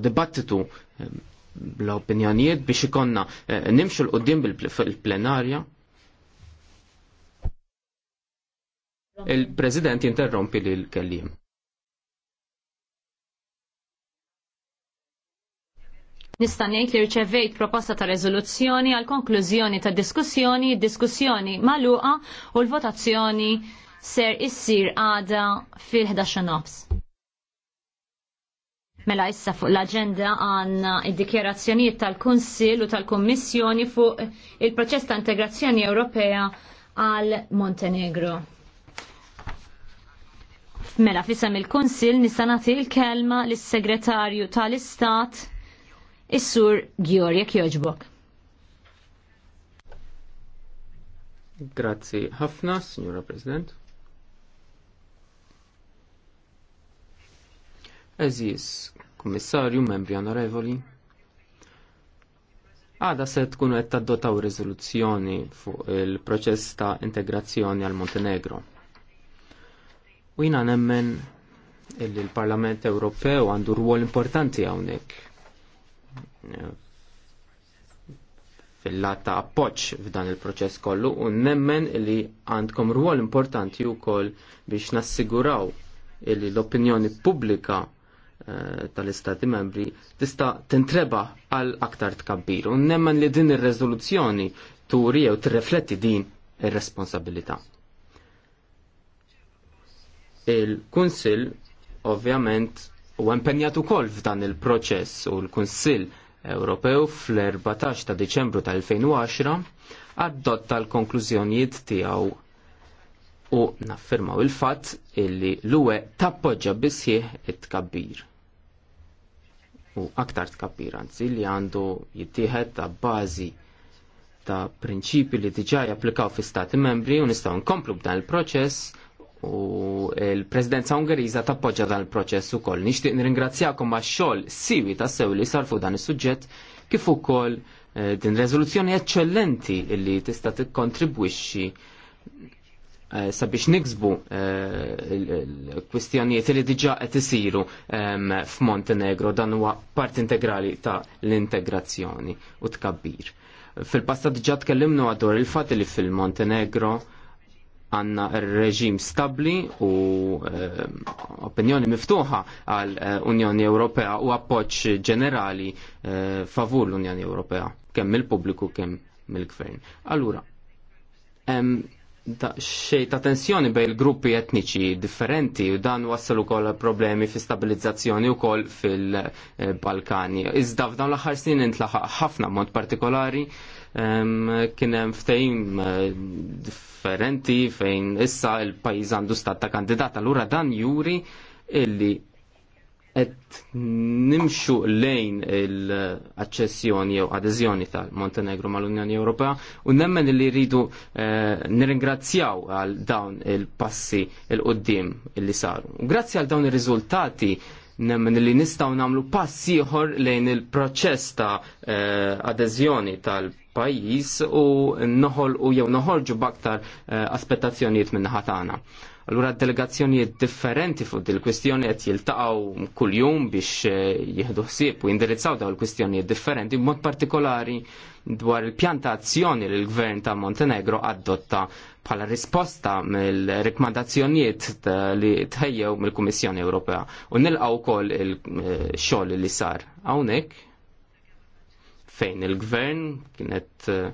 dibattitu eh, bl-opinjonijiet biex ikonna eh, nimxu l-qoddim bil-plenarja. Il-President interrompi li l-kellim. Nista' ngħid li rċevejt proposta ta' rezoluzzjoni għal konklużjoni ta' diskussjoni, diskussjoni magħluqa u l-votazzjoni ser issir għada fil-11 nofs. Mela issa fuq l-agenda għanna id dikjerazzjoniet tal-Kunsil u tal-Kommissjoni fuq il-proċess ta' integrazzjoni Ewropea għal Montenegro. Mela fissam il-Kunsil nista' nagħti l-kelma lis-Segretarju tal-Istat is-Sur Gjor jekk Grazzi ħafna, Signora President. Eżis, Kummissarju, membri onorevoli. Għada se tkunu qed taddotaw riżoluzzjoni fuq il-proċess ta' integrazzjoni għal Montenegro. U jina nemmen il l-Parlament Ewropew għandu rwol importanti hawnhekk. Fil-lat ta' appoċ f'dan il-proċess kollu u nemmen li għandkom rwol importanti wkoll biex nassiguraw il l-opinjoni pubblika Eh, tal-Istati membri tista' tintreba għal aktar tkabbir. U nemmen li din ir rezoluzzjoni turi jew tirrefletti din ir-responsabilità. Il-Kunsill ovvjament u impenjat ukoll f'dan il-proċess u l-Kunsill Ewropew fl-14 ta' Deċembru tal-2010 adotta l-konklużjonijiet tiegħu u naffirmaw il-fatt illi l-UE tappoġġa bisħieħ it-tkabbir u aktar tkabbir anzi li għandu jittieħed ta' bażi ta' prinċipi li diġà japplikaw fi stati membri u nistgħu nkomplu b'dan il-proċess u l-Presidenza Ungeriża tappoġġa dan il-proċess ukoll. Nixtieq nirringrazzjakom għax xogħol siwi ta' sew li sar fuq dan is-suġġett kif ukoll eh, din rezoluzzjoni eċċellenti li tista' tikkontribwixxi Eh, sabiex niksbu eh, l-kwistjonijiet li diġa qed isiru ehm, f'Montenegro dan huwa part integrali ta' l-integrazzjoni u tkabbir. Fil-passat diġa tkellimnu għadur il-fat li fil-Montenegro għanna reġim stabli u uh, opinjoni miftuħa għal Unjoni Ewropea u appoċ ġenerali uh, favur l-Unjoni Ewropea, kemm il pubbliku kemm mill-gvern. Allura, um, xej ta' tensjoni bejn gruppi etniċi differenti u dan wassal ukoll problemi fi stabilizzazzjoni wkoll fil-Balkani. Iżda f'dawn l-aħħar snin intlaħaq ħafna mod partikolari kien hemm ftehim eh, differenti fejn issa il-pajjiż għandu stat ta' kandidat allura dan juri illi et nimxu lejn l-accessjoni jew adeżjoni tal-Montenegro mal-Unjoni Ewropea u nemmen li rridu eh, nirringrazzjaw għal dawn il-passi il-qoddim li saru. U grazzi għal dawn ir-riżultati nemmen li nistaw namlu pass ieħor lejn il-proċess ta' eh, tal-pajjiż u noħol u jew noħorġu baktar eh, aspettazzjonijiet minn ħatana. Allura delegazzjonijiet differenti fuq il kwistjoni qed jiltaqgħu kuljum biex eh, jieħdu ħsieb u jindirizzaw daw il-kwistjonijiet differenti b'mod partikolari dwar il pjanta azzjoni li l-gvern ta' Montenegro adotta bħala risposta mill-rekomandazzjonijiet li tħejjew mill-Kummissjoni Ewropea u nilqgħu wkoll il-xogħol li sar hawnhekk fejn il-gvern kienet eh,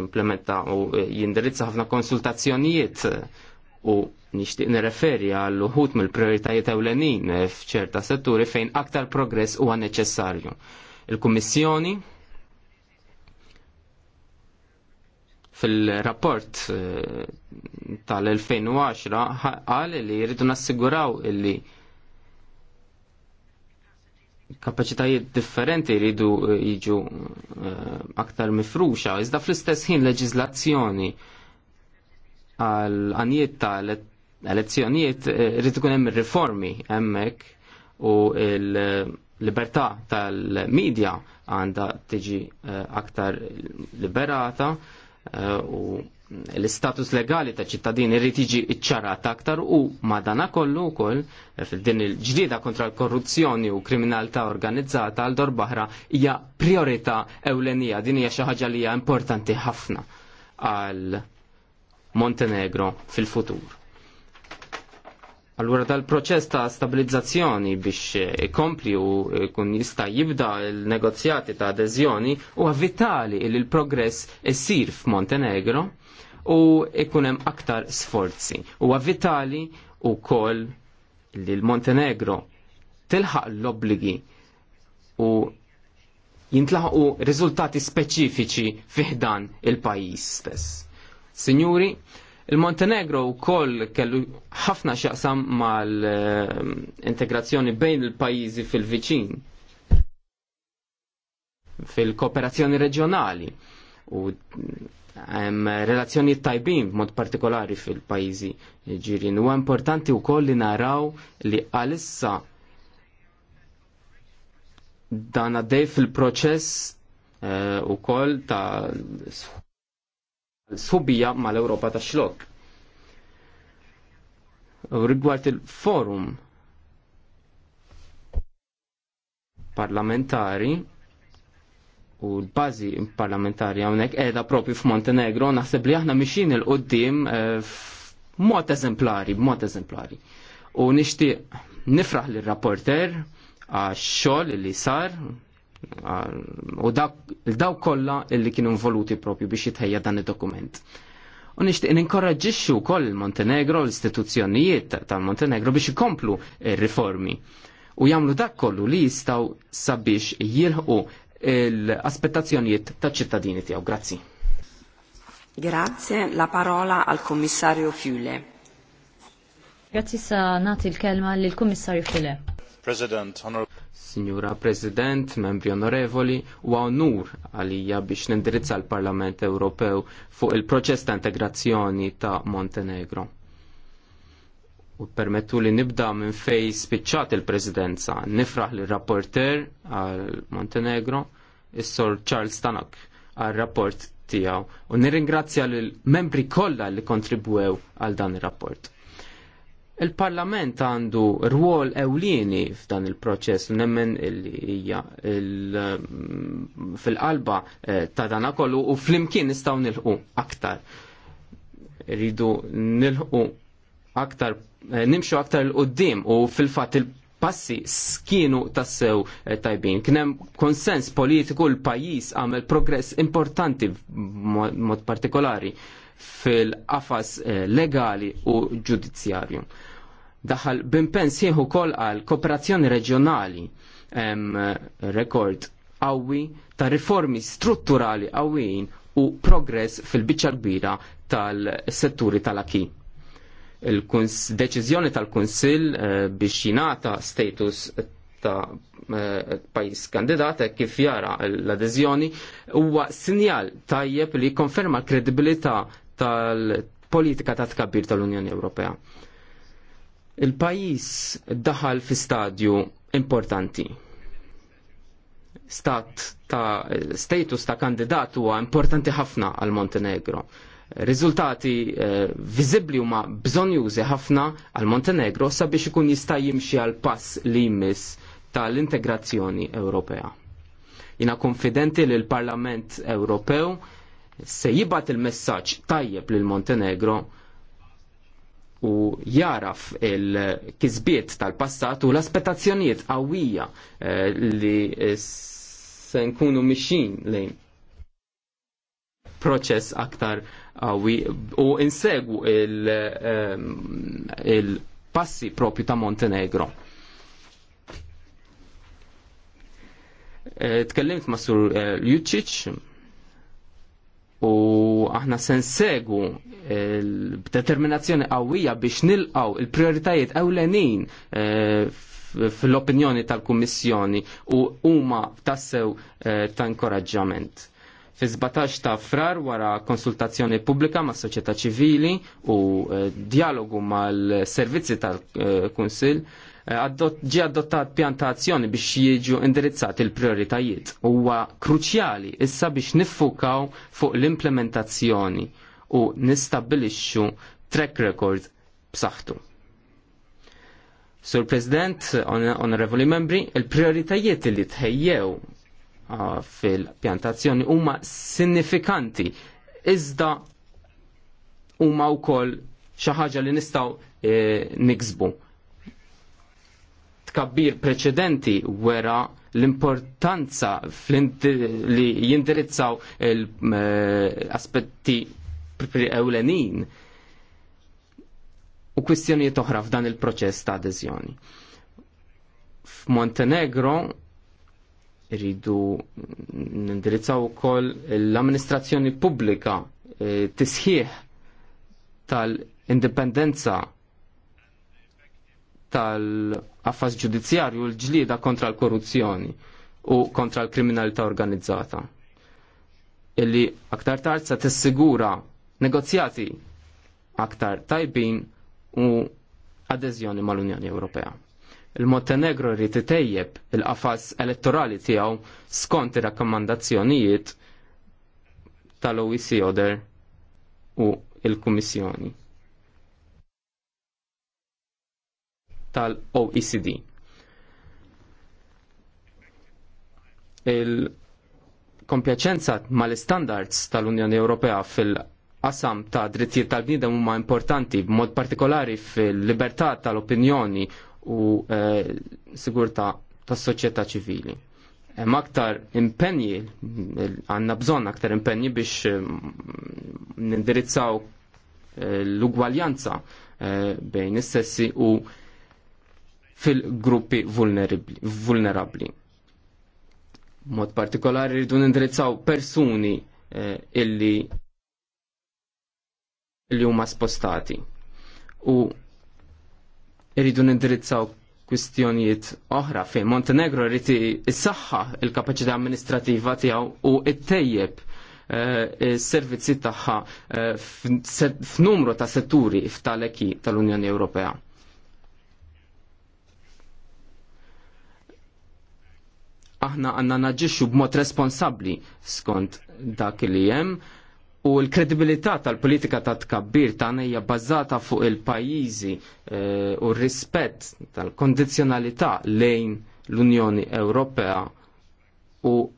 jimplementa u eh, jindirizza ħafna konsultazzjonijiet u nixtieq nirreferi għal uħut mill-prioritajiet ewlenin f'ċerta setturi fejn aktar progress huwa neċessarju. Il-Kummissjoni fil-rapport eh, tal-2010 qal li jridu nassiguraw illi kapacitajiet differenti jridu eh, jiġu eh, aktar mifruxa, iżda fl-istess ħin leġizlazzjoni għal għanijiet ta' elezzjonijiet eh, rrit ikun hemm ir riformi hemmhekk u l-libertà tal-medja għandha tiġi eh, aktar liberata eh, u l-istatus legali ta' ċittadini rrid jiġi iċċarat aktar u madana kollu wkoll fil-din il-ġdida kontra l-korruzzjoni u kriminalità organizzata għal dorbaħra hija priorità ewlenija din hija xi ħaġa li hija importanti ħafna għal Montenegro fil-futur. Allura dal-proċess ta' stabilizzazzjoni biex eh, ikompli u eh, kun jista' jibda l-negozjati ta' adeżjoni huwa vitali li l-progress isir f'Montenegro u ikun hemm aktar sforzi. Huwa vitali wkoll li l-Montenegro tilħaq l-obbligi u jintlaħu riżultati speċifiċi fiħdan il-pajjiż stess. Signuri, il-Montenegro wkoll kellu ħafna xaqsam mal-integrazzjoni eh, bejn il-pajjiżi fil-viċin fil-kooperazzjoni reġjonali u relazzjoni tajbin b'mod partikolari fil-pajjiżi ġirin. Huwa importanti wkoll li naraw li għalissa dan għaddej fil-proċess ukoll eh, ta' subija mal-Europa ta' xlok. Rigward il-forum parlamentari u l-bazi parlamentari għonek edha propju f'Montenegro naħseb li aħna mixin il-qoddim eh, mod eżemplari, mod eżemplari. U nishti nifraħ l-rapporter għax xol li sar, u daw kolla illi kienu involuti propju biex jitħejja dan id-dokument. U nixtieq ninkoraġġixxu wkoll Montenegro l-istituzzjonijiet tal-Montenegro biex ikomplu riformi u jagħmlu dak kollu li jistgħu sabiex jilħqu l-aspettazzjonijiet taċ ċittadini tiegħu. Grazzi. Grazie, la parola al commissario Fiule. Grazzi sa nati l-kelma lill-Kummissarju Fiule. President, honor... Signora President, membri onorevoli, u għonur għalija biex nindirizza l-Parlament Ewropew fuq il-proċess ta' integrazzjoni ta' Montenegro. U permettu li nibda minn fej spiċċat il-Presidenza. Nifraħ li rapporter għal Montenegro, il sor Charles Tanak, għal rapport tijaw. U nirringrazzja l-membri kollha li kontribwew għal dan il-rapport. Il-Parlament għandu rwol ewlieni f'dan il-proċess nemmen il-ja mm, fil-qalba eh, ta' dan kollu u flimkien nistgħu nilħu aktar. Rridu nilħu aktar eh, nimxu aktar l-qoddim u fil-fatt il-passi kienu tassew eh, tajbin. Knem konsens politiku l-pajis għamel progress importanti mod partikolari fil-qafas eh, legali u ġudizzjarju. Daħal bimpens jieħu kol għal kooperazzjoni reġjonali rekord qawwi ta' riformi strutturali għawin u progress fil bicċa kbira tal-setturi tal-aki. Il-deċiżjoni tal-Kunsill eh, biex jinata status ta' eh, pajis kandidata kif jara l-adeżjoni huwa sinjal tajjeb li konferma l-kredibilità tal-politika ta' tkabbir tal-Unjoni Ewropea. Il-pajis daħal fi stadju importanti. Stat ta' status ta' kandidat huwa importanti ħafna għal Montenegro. Riżultati eh, viżibbli huma bżonjużi ħafna għal Montenegro sabiex ikun jista' jimxi għal pass li jmiss tal-integrazzjoni Ewropea. Jina konfidenti li l-Parlament Ewropew se jibat il-messaġġ tajjeb lil Montenegro u jaraf il-kizbiet tal-passat u l-aspettazzjonijiet għawija eh, li eh, se nkunu mixin lejn proċess aktar qawwi u insegu il-passi il eh, propju ta' Montenegro. Tkellimt ma' Sur Jucic, u aħna sensegu b'determinazzjoni qawwija biex nilqaw il-prioritajiet ewlenin eh, fl-opinjoni tal-Kummissjoni u huma tassew eh, ta' inkoraġġament fi 17 ta' frar wara konsultazzjoni pubblika ma' soċjetà ċivili u eh, dialogu mal-servizzi tal-Kunsill Eh, ġi adottat pjantazzjoni biex jiġu indirizzati il prioritajiet Huwa kruċjali issa biex niffukaw fuq l-implementazzjoni u nistabilixxu track record b'saħħtu. Sur President, onorevoli membri, il-prioritajiet li tħejjew ah, fil-pjantazzjoni huma sinifikanti iżda huma wkoll xi ħaġa li nistgħu eh, niksbu tkabbir preċedenti wera l-importanza li jindirizzaw l-aspetti eh, ewlenin u kwistjonijiet oħra f'dan il-proċess ta' adeżjoni. F'Montenegro rridu nindirizzaw ukoll l-amministrazzjoni pubblika eh, tisħiħ tal-indipendenza tal-affas ġudizzjarju l-ġlida kontra l-korruzzjoni u kontra l-kriminalità organizzata. Illi aktar tard se tissigura negozjati aktar tajbin u adeżjoni mal-Unjoni Ewropea. Il-Montenegro rrit tejjeb il-qafas elettorali tiegħu skont ir-rakkomandazzjonijiet tal-OEC Oder u il-Kummissjoni. tal-OECD. Il-kompjaċenza mal-standards tal-Unjoni Ewropea fil-qasam ta' drittijiet tal bnidem huma importanti b'mod partikolari fil-libertà tal-opinjoni u eh, sigurtà tas-soċjetà ċivili hemm aktar impenji, għandna bżonn aktar impenji biex mm, nindirizzaw eh, l-ugwaljanza eh, bejn is-sessi u fil-gruppi vulnerabli. Mod partikolari rridu nindrizzaw persuni eh, illi li huma spostati. U rridu nindirizzaw kwistjonijiet oħra fejn Montenegro rrid issaħħa il-kapaċità amministrattiva tiegħu u ttejjeb eh, is-servizzi tagħha eh, f'numru ta' setturi f'taleki tal-Unjoni Ewropea. aħna għanna naġġixxu b'mod responsabbli skont dak li hemm u l-kredibilità tal-politika ta' tkabbir tagħna hija bbażata fuq il-pajjiżi eh, u r-rispett tal-kondizzjonalità lejn l-Unjoni Ewropea u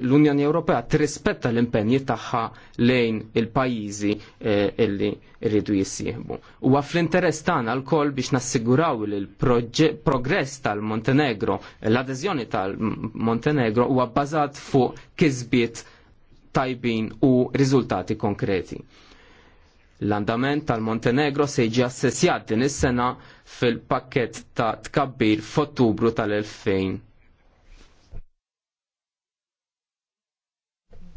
l-Unjoni Ewropea tirrispetta l-impenji tagħha lejn il-pajjiżi eh, illi rridu jissieħbu. U fl interess tagħna l-koll biex nassiguraw li l-progress tal-Montenegro, l-adeżjoni tal-Montenegro huwa bbażat fuq kisbiet tajbin u riżultati konkreti. L-andament tal-Montenegro se jiġi assessjat din is-sena fil-pakket ta' tkabbir f'Ottubru tal-2000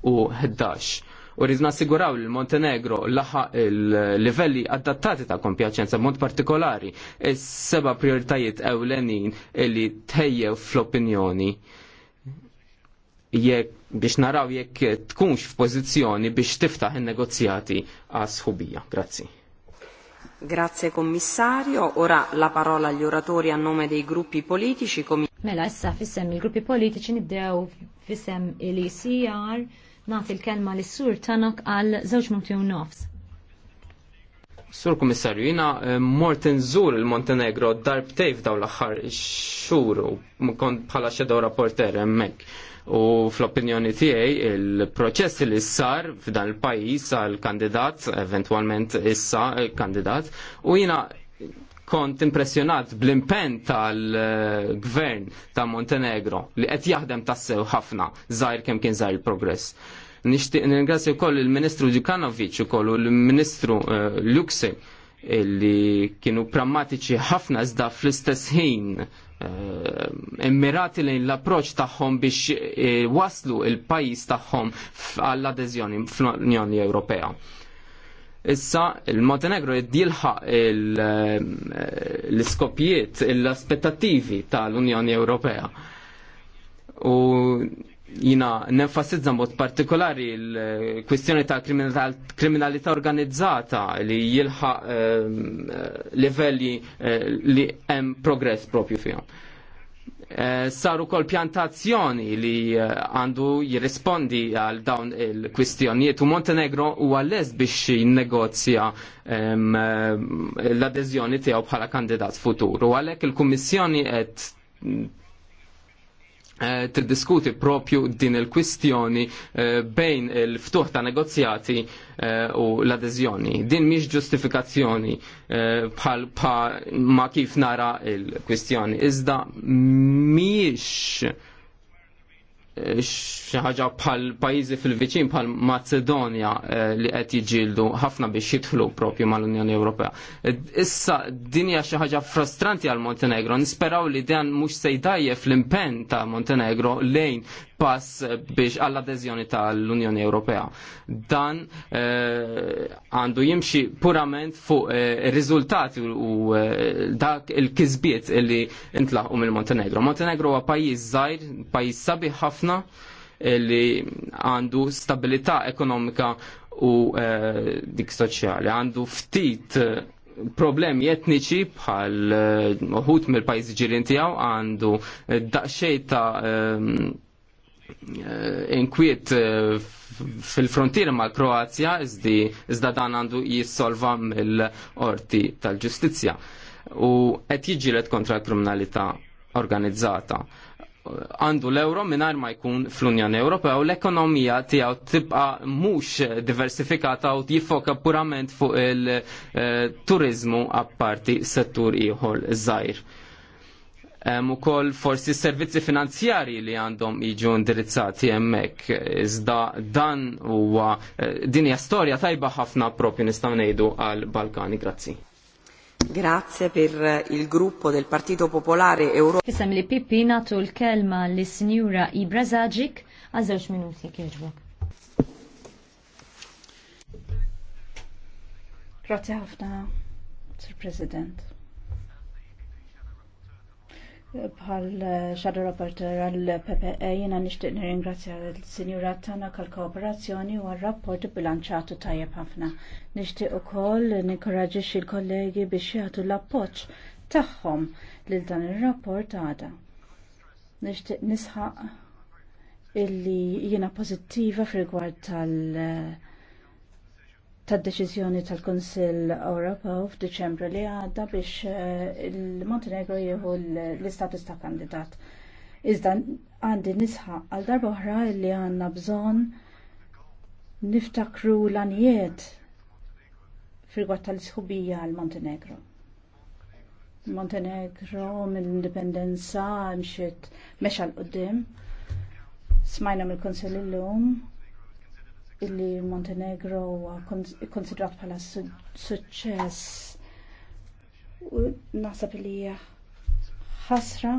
u 11 u rizna assiguraw il Montenegro laħa il-livelli adattati ta' kompjaċenza mod partikolari il seba prioritajiet ewlenin li tħejjew fl-opinjoni jekk biex naraw jekk tkunx f'pożizzjoni biex tiftaħ in-negozjati għas ħubija. Grazzi. Grazie Kommissario. Ora la parola agli oratori a nome dei gruppi politici. Mela issa fissem il-gruppi politiċi nibdew fissem il-ICR. Nagħti l-kelma lis sur Tanok għal żewġ minuti u nofs. Sur komissarju, jina eh, mort nżur il-Montenegro darbtej daw l-axħar xur u kont bħala xedaw rapporter hemmhekk. U fl-opinjoni tiegħi il-proċess li sar f'dan il-pajjiż għal kandidat, eventwalment issa kandidat, u jina kont impressjonat bl-impen tal-gvern ta' Montenegro li qed jaħdem tassew ħafna żgħar kemm kien żgħar il-progress. Nixtieq nirringrazzja wkoll il-Ministru Djukanovic ukoll u l-Ministru eh, Luxe li kienu prammatiċi ħafna iżda fl-istess ħin eh, immirati lejn l-approċ tagħhom biex eh, waslu il-pajjiż tagħhom għall-adeżjoni fl-Unjoni Ewropea. Issa il-Montenegro jiddilħaq eh, l-iskopijiet, l-aspettativi tal-Unjoni Ewropea. U jina nenfasizza mod partikolari l-kwistjoni ta' kriminalità organizzata li jilħaq eh, livelli eh, li hemm progress propju fihom. Eh, saru kol pjantazzjoni li eh, għandu jirrispondi għal dawn il-kwistjonijiet u Montenegro u għalles biex jinnegozja eh, l-adezjoni tiegħu bħala kandidat futur. U għalek il-Kummissjoni qed Eh, tiddiskuti propju din il-kwistjoni eh, bejn il-ftuħ ta' negozjati eh, u l-adeżjoni. Din miex ġustifikazzjoni bħal ma kif nara il-kwistjoni. Iżda miex xi ħaġa bħal pajjiżi fil-viċin bħal Maċedonja eh, li qed jiġġieldu ħafna biex jidħlu propju mal-Unjoni Ewropea. Issa din hija xi ħaġa frustranti għal Montenegro. Nisperaw li dan mhux se jdajjef l-impenn ta' Montenegro lejn pass biex għall-adeżjoni tal-Unjoni Ewropea. Dan eh, għandu eh, jimxi purament fuq e, riżultati u e, dak il-kizbiet li intlaqu mill-Montenegro. Montenegro huwa pajjiż żgħir, pajjiż sabiħ ħafna li għandu stabilità ekonomika u eh, dik soċjali, għandu ftit problemi etniċi bħal uħut uh, mill-pajjiżi ġirien tiegħu għandu daqsxejn ta' ehm, Eh, inkwiet eh, fil-frontiera mal-Kroazja iżda dan għandu jissolva mill-orti tal-ġustizja u qed jiġilet kontra l-kriminalità organizzata. Għandu l-euro minar ma jkun fl-Unjoni Ewropea u l-ekonomija tiegħu tibqa' mhux diversifikata u jiffoka purament fuq il-turizmu eh, apparti settur ieħor żgħir u kol forsi servizzi finanzjari li għandhom iġu indirizzati jemmek. Iżda dan huwa eh, dinja storja tajba ħafna propju nistaw ngħidu għal Balkani. Grazzi. Grazie per eh, il gruppo del Partito Popolare Europeo. Isem li Pippi natu l-kelma li sinjura Ibra Zagic għazzewx minuti kieġbok. Grazie ħafna, Sir President. Bħal Shadow Rapporteur għal-PPE jena nishtiq nirringrazzja l-Sinjura Tana kal-kooperazzjoni u għal-rapport bilanċatu tajjeb ħafna. Nishtiq u koll nikoraġiċi l-kollegi biex jgħatu l-appoċ taħħom lil dan il-rapport għada. Nishtiq nisħaq illi jena pozittiva fil-gwart tal- uh, tad-deċiżjoni tal-Kunsill Ewropew f'Diċembru li għadda biex eh, il-Montenegro jieħu l-istatus ta' kandidat. Iżda għandi nisħa għal darba oħra li għandna bżonn niftakru l-anijiet fil tal-sħubija għal Montenegro. Montenegro mill-indipendenza mxiet meċa l-qoddim. Smajna mill-Kunsill illum illi Montenegro huwa konsidrat bħala suċċess u naħseb li ħasra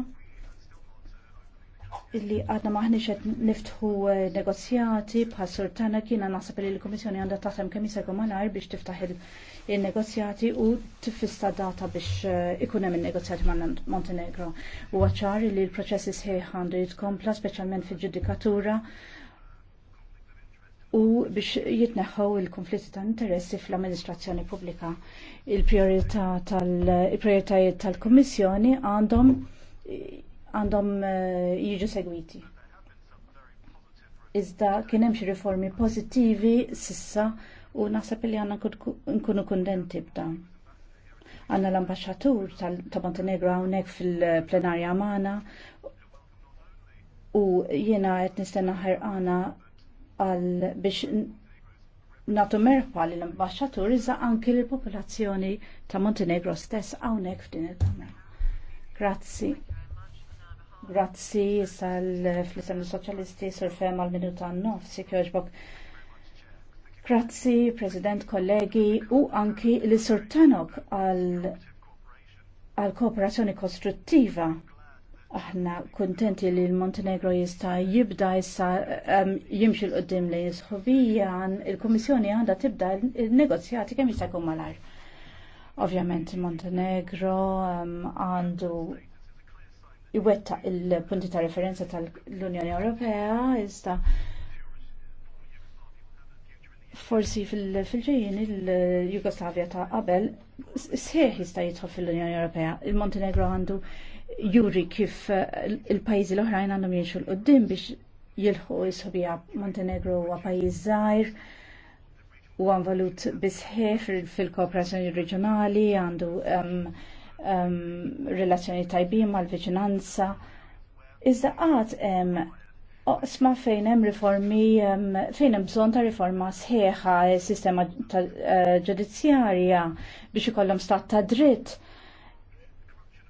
illi għadna maħni qed niftħu eh, negozjati bħal surtana kiena naħseb li l-Komissjoni għandha taħdem kemm jisir malajr biex tiftaħ il-negozjati u tifissa data biex eh, ikun hemm il-negozjati ma' Montenegro. U ċar li l-proċess isħiħ għandu jitkompla speċjalment fil-ġudikatura u biex jitneħħu il-konflitti ta' interessi fl-amministrazzjoni pubblika. Il-prioritajiet tal il tal-Kommissjoni għandhom għandhom eh, jiġu segwiti. Iżda kien hemm xi riformi pożittivi sissa u naħseb li għandna nkunu kundenti b'dan. Għanna l-ambasċatur ta' Montenegro hawnhekk fil-plenarja magħna u jiena qed nistenna ħerqana għal biex natu għal l ambasċatur iżda anki l-popolazzjoni ta' Montenegro stess hawnhekk f'din il-kamra. Grazzi. Grazzi sal-Flisan Soċjalisti surfem għal minuta si kjoġbok. Grazzi, President, kollegi u anki l-Sur Tanok għal kooperazzjoni kostruttiva Aħna kontenti li l-Montenegro jista jibda jissa jimxil qoddim li jisħobija il-Komissjoni għanda tibda il-negozjati kemm jista' jkun malar. Ovvjament Montenegro għandu iwettaq iwetta il-punti ta' referenza tal-Unjoni Ewropea jista' forsi fil-ġejjin il-Jugoslavja ta' qabel sħiħ jista' jidħol fil-Unjoni Ewropea. Il-Montenegro għandu juri kif eh, il-pajjiżi l-oħrajn għandhom jiexu l-qoddim biex jilħu jisobija Montenegro huwa pajjiż żgħir u valut bisħef fil-kooperazzjoni reġjonali għandu um, um, relazzjoni tajbim mal-viċinanza. Iżda għad um, Oqsma fejn hemm riformi fejn hemm bżonn ta' riforma sħiħa s-sistema eh, ġudizzjarja biex ikollhom stat ta' dritt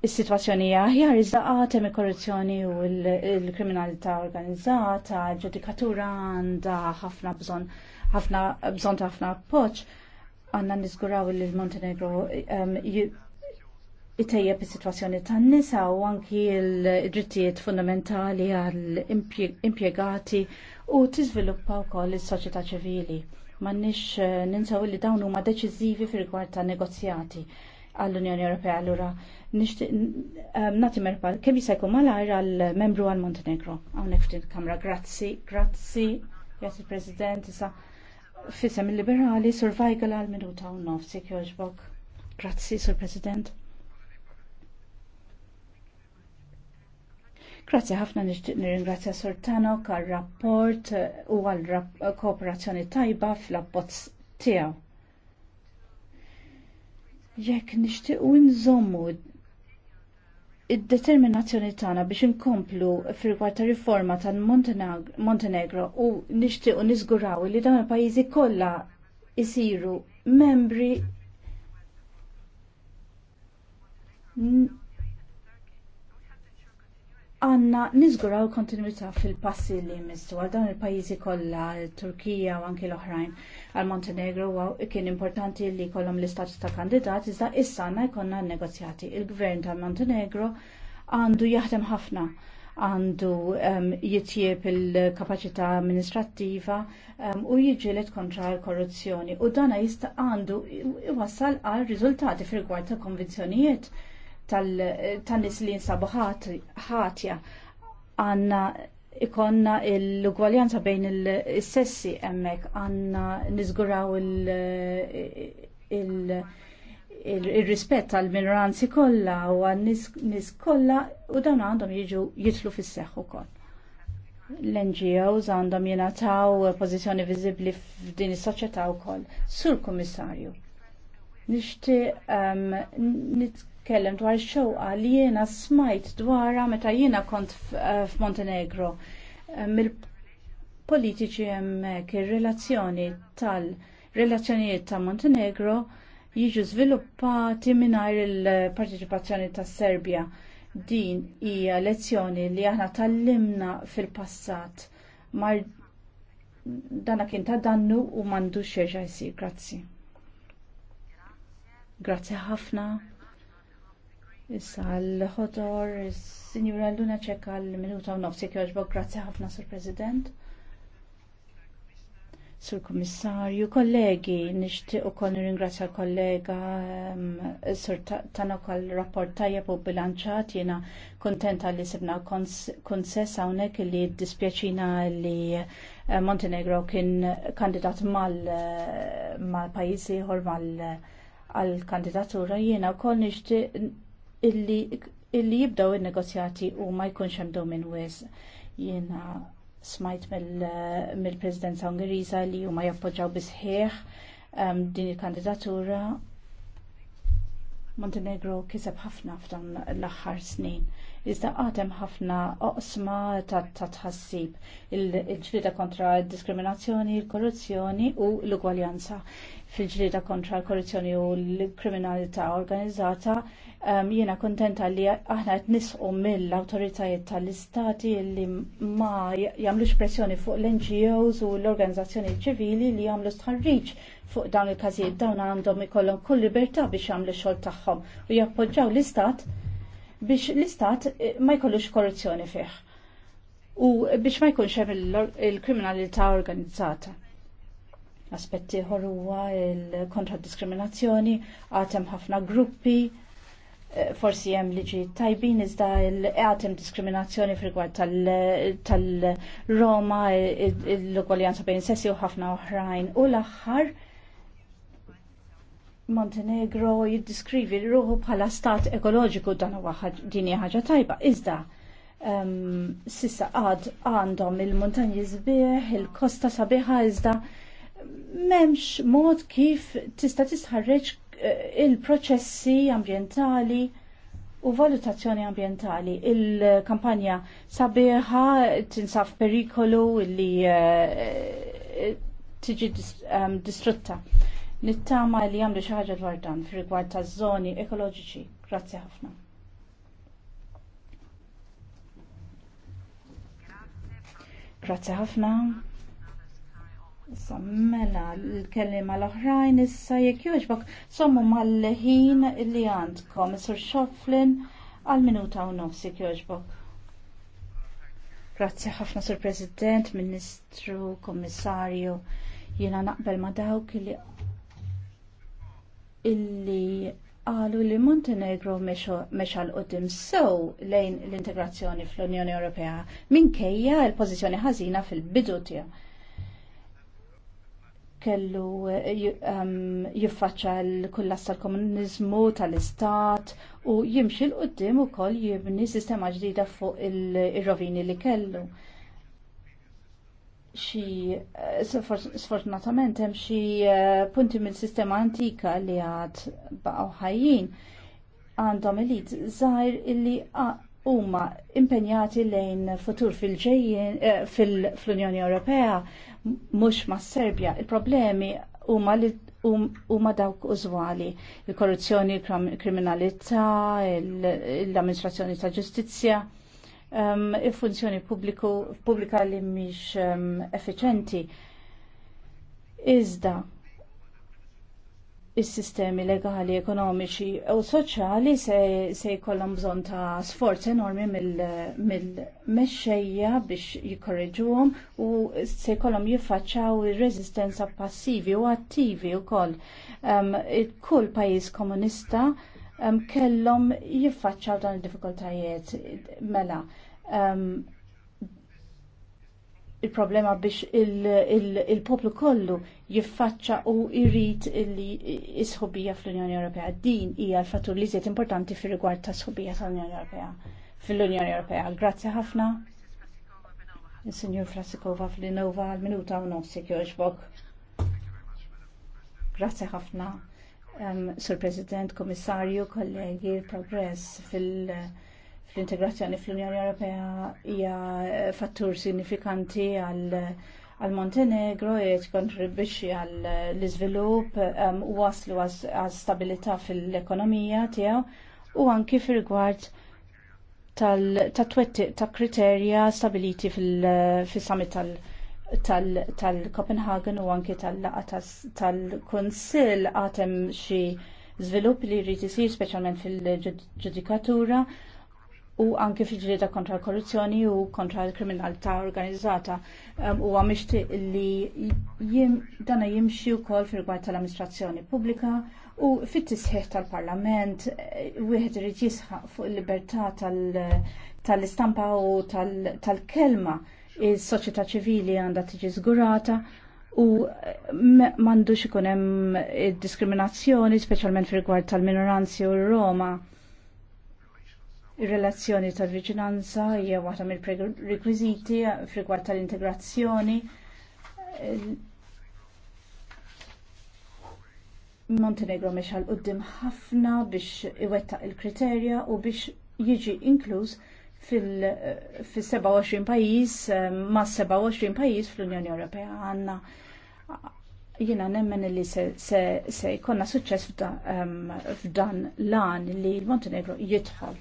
Is-sitwazzjoni aħjar iżda għatem il-korruzzjoni u l-kriminalità organizzata, ġudikatura għandha ħafna bżonn ħafna bżonn ta' ħafna appoġġ għandna niżguraw li l-Montenegro ehm, itejjeb is-sitwazzjoni tan-nisa u anki l-drittijiet fundamentali għall-impjegati u tiżviluppa wkoll is-soċjetà ċivili. M'għandniex eh, ninsaw li dawn huma deċiżivi fir-rigward tan-negozjati għall-Unjoni Ewropea allura nagħti merpal kemm jista' jkun malajr għall-membru għal Montenegro hawnhekk ftit kamra. Grazzi, grazzi, jgħid il-President issa fisem il-liberali survajgal għal minuta u nofs jekk jogħġbok. Grazzi, Sur President. Grazzi ħafna nixtieq nirringrazzja Sur Tanok għal rapport eh, u għal kooperazzjoni tajba fl-abbozz tiegħu jekk nixtiequ nżommu id-determinazzjoni tagħna biex inkomplu fil-rigward ta' riforma ta' Montenegro u nixtiequ niżguraw li dawn il-pajjiżi kollha isiru membri għanna nizguraw kontinuità fil-passi li mistu għal dawn il-pajizi kollha il-Turkija u anki l-oħrajn għal Montenegro kien importanti li kollom l-istatus ta' kandidat iżda issa għandna jkollna negozjati. Il-gvern ta' Montenegro għandu jaħdem ħafna għandu um, jitjieb il-kapacità amministrativa um, ehm, u jiġilet kontra l-korruzzjoni. U dana jista għandu jwassal għal riżultati fil-gwar ta' konvenzjonijiet tan-nies li jinsabu ħatja għandna ikonna l-ugwaljanza bejn il-sessi emmek għandna niżguraw il-rispett tal minoranzi kollha u għan-nies kollha u dawn għandhom jiġu jitlu fis-seħħ ukoll. L-NGOs għandhom jingħataw pożizzjoni viżibbli f'din is-soċjetà wkoll. Sur Kummissarju, nixtieq um, Kellem dwar xewqa li jiena smajt dwarha meta jiena kont eh, f'Montenegro eh, mill-politiċi hemmhekk ir-relazzjoni tal-relazzjonijiet ta' Montenegro jiġu żviluppati mingħajr il-parteċipazzjoni tas-Serbja. Din hija lezzjoni li aħna tallimna fil-passat mar dana kien ta' dannu u mandu xieġa jsir. Grazzi. Grazzi ħafna. Issa l-ħodor, Signora Luna ċekka l-minuta u nofsi kjoġbog, grazie ħafna, Sur President. Sur Kommissarju, kollegi, nishti u kon ringrazzja kollega Sur Tanok għal-rapport tajjeb u bilanċat, jena kontenta li sibna konsessa unek li dispjaċina li eh, Montenegro kien kandidat mal-pajizi mal, eh, mal għal-kandidatura jena u kon illi jibdaw il-negozjati u ma jkunx hemm minn wis jiena smajt mill-Presidenza Ungheriża li huma jappoġġaw bisħieħ ehm, din il-kandidatura Montenegro kiseb ħafna f'dan l-aħħar snin iżda għatem ħafna oqsma ta' tħassib il-ġlida kontra diskriminazzjoni, il-korruzzjoni u l-ugwaljanza. Fil-ġlida kontra l-korruzzjoni u l-kriminalità organizzata ehm, jiena kontenta li aħna qed nisqu mill-awtoritajiet tal-istati li ma jagħmlux pressjoni fuq l-NGOs u l-organizzazzjoni ċivili li jagħmlu stħarriġ fuq dawn il-każijiet dawn għandhom ikollhom kull libertà biex jagħmlu x-xogħol tagħhom u jappoġġjaw l-istat biex l-istat eh, ma jkollux korruzzjoni fih u biex ma jkunx hemm il-kriminalità organizzata. Aspetti ħorruwa il l-kontra diskriminazzjoni, għatem ħafna gruppi, eh, forsi hemm liġi tajbin iżda għatem diskriminazzjoni frigward tal-Roma, l-ugwaljanza bejn sessi u ħafna oħrajn. U l-aħħar Montenegro jiddiskrivi ruħu bħala stat ekoloġiku dan huwa dini ħaġa tajba. Iżda um, sissa għad għandhom il-montanji zbieħ, il-kosta sabiħa iżda memx mod kif tista' tistħarreġ eh, il-proċessi ambientali u valutazzjoni ambientali. Il-kampanja sabiħa tinsaf perikolu li uh, eh, eh, tiġi dis, um, distrutta nittama li jagħmlu xi ħaġa dwar dan fir-rigward taż-żoni ekoloġiċi. Grazzi ħafna. Grazzi ħafna. Issa mela l-kelliema l-oħrajn issa jekk jogħġbok sommu mal leħin li għandkom sur xoflin għal minuta u nofs jekk jogħġbok. Grazzi ħafna sur President, Ministru, Kommissarju. Jiena naqbel ma dawk li illi għalu li Montenegro meċa l-qoddim sew lejn l-integrazzjoni fl-Unjoni Ewropea minkejja l-pożizzjoni ħażina fil-bidu tiegħu. Kellu um, jiffaċċa l-kullas tal-komunizmu tal-istat u jimxi l-qoddim ukoll jibni sistema ġdida fuq il-rovini li kellu xi eh, sfortunatament hemm xi eh, punti mill-sistema antika li għad baqgħu ħajjin għandhom elit żgħir illi ah, huma impenjati lejn futur fil-ġejjin eh, fil-Unjoni Ewropea mhux mas-Serbja. Il-problemi huma li huma dawk użwali. Il-korruzzjoni, il-kriminalità, l-amministrazzjoni ta' ġustizzja um, il-funzjoni pubblika li mhix um, effiċenti. Iżda is-sistemi legali, ekonomiċi u soċjali se, se jkollhom bżonn ta' sforz enormi mill-mexxejja mil biex jikorreġuhom u se jkollhom jiffaċċaw ir-reżistenza passivi u attivi wkoll. Um, Kull pajjiż komunista kellhom jiffaċċaw dan il-diffikultajiet mela il-problema biex il-poplu kollu jiffaċċa u jrid li isħobija fl-Unjoni Ewropea. Din hija l-fattur li żiet importanti fir rigward ta' sħobija tal-Unjoni Ewropea fil-Unjoni Ewropea. Grazzi ħafna. Il-Sinjur Frasikova fl-Innova għal-minuta u nofsi kjoġbok. Grazzi ħafna um, Sur President, Komissarju, kollegi, progress fil- integrazzjoni fl-Unjoni Ewropea hija fattur signifikanti għal għal Montenegro jgħet kontribixi għal l-izvilup um, waslu għal stabilità fil-ekonomija tiegħu u anki fil-rigward tal-twetti ta' kriterja stabiliti fil-summit tal-Unjoni tal-Copenhagen u anki tal-laqa tal-Konsil għatem xi żvilupp li jrid isir speċjalment fil-ġudikatura u anke fil-ġrieda kontra l-korruzzjoni u kontra l-kriminalità organizzata u um, għamixti li dana jimxi u kol fil tal-amministrazzjoni pubblika u fit-tisħiħ tal-parlament eh, wieħed irid jisħaq fuq il-libertà tal-istampa u tal-kelma. tal istampa u tal kelma il-soċjetà ċivili għandha tiġi żgurata u m'għandux ikun hemm diskriminazzjoni speċjalment fir-rigward tal-minoranzi u r-Roma. Ir-relazzjoni tal-viġinanza hija waħda mill-rekwiżiti fir-rigward tal-integrazzjoni. Montenegro mhix għal qudiem ħafna biex iwettaq il-kriterja u biex jiġi inkluż fil-27 pajis, eh, ma' 27 pajis fl-Unjoni Ewropea għanna jina nemmen li se jkonna suċċess ehm, f'dan lan li l-Montenegro jitħol